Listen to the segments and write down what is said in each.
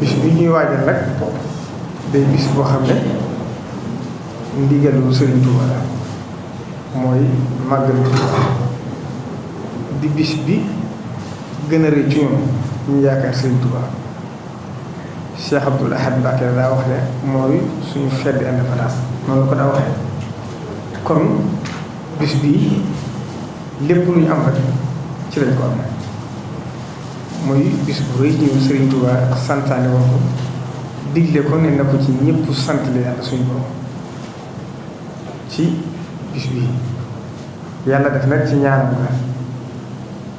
bis bi ñuy waajal nag bis boo xam ne ndigalu Sëriñ Tuuba mooy màggal di bis bi gën a rëy ci ñoom ñu yaakaar Sëriñ Tuubaa Cheikh Abdoul Ahad Mbacké daa wax ne mooy suñu fête indépendance noonu la ko daa waxee kon bis bii lépp lu ñu am rek ci lañ ko amee mooy bis bu rëy ñëw Sëriñ Tuubaa santaane woon ko digle ko ne na ko ci ñëpp sant la yàlla suñu borom ci bis bii yàlla def nag ci ñaar bu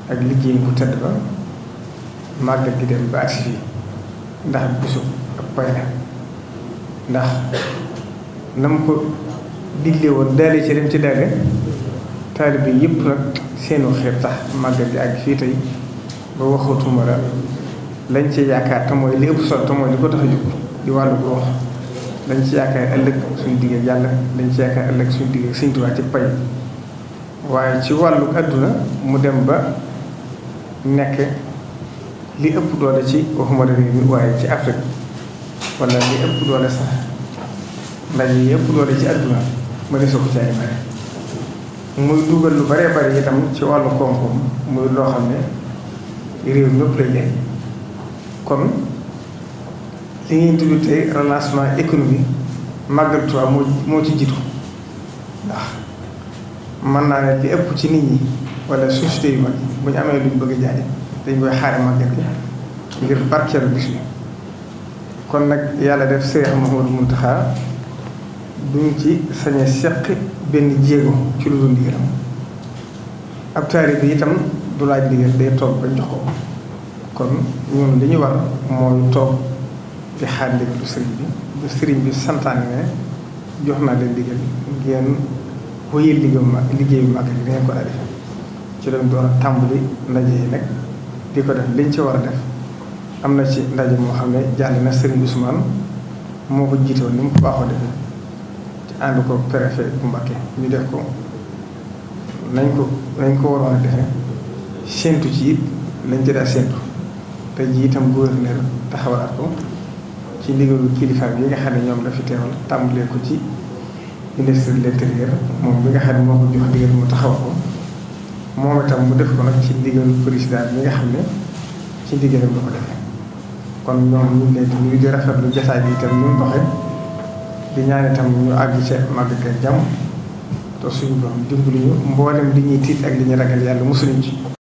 ak liggéey bu tedd ba màggal gi dem ba agsi fii ndax bisu ak pay la ndax na mu ko digle woon daale ci dem ci daale bi yëpp nag seenu xeer tax màggal gi àgg fii tey ba waxatuma la lañ ci yaakaar te mooy li ëpp solo te mooy ko tax a jóg di wàllu ruux lañ ci yaakaar ëllëg suñu digg yàlla lañ ci yaakaar ëllëg suñu digg Sëñ Tuubaa ci pay waaye ci wàllu àdduna mu dem ba nekk li ëpp doole ci waxuma réew mi waaye ci Afrique wala li ëpp doole sax ndaje yi ëpp doole ci adduna ma ne soo ko caay bare muy dugal lu baree bari itam ci wàllu koom-koom muy loo xam ne réew ñëpp lay jëriñ kon li ngeen tudd relancement économique Màggal Tuubaa moo moo ci jiitu ndax mën naa ne li ëpp ci nit ñi wala société yu mag bu ñu amee lu ñu bëgg a jaay dañ koy xaare màggal gi ngir barkeelu bis bi kon nag yàlla def Seex Mahmoud ci sañ a benn jéego ci lu bi itam du laaj ndigal day toog ba jox kon ñun li ñu war mooy toog sëriñ bi bu sëriñ bi santaane ne jox naa leen ndigal ngeen wéyal liggéeyu màggal gi ngeen ko defee ci lañ doon a tàmbali ndaje yi nag di ko def liñ ci war a def am na ci ndaje moo xam ne jàll na Serigne Ousmane moo ko jiitoon woon ni mu ko baaxoo defee ci ànd ko préfet bu Mbacké ñu def ko nañ ko nañ ko waroon a defee séntu ci it lañ ci daal séntu te ji itam gouverneur taxawalaat ko ci ndigalu kilifa bi nga xam ne ñoom la fi teewal tàmbulee ko ci ministre de l'intérieur moom bi nga xam ne moo ko jox ndigal mu taxawal ko moom itam mu def ko nag ci ndigal président bi nga xam ne ci ndigalam la ko defee kon ñoom ñu ngi lay ñu di rafetlu jotaay bi itam ñu ngi di ñaan itam ñu àgg ci màgg ak jàmm te suñu doom dimbali ñu mboolem li ñuy tiit ak li ñuy ragal yàlla mosuñu ci.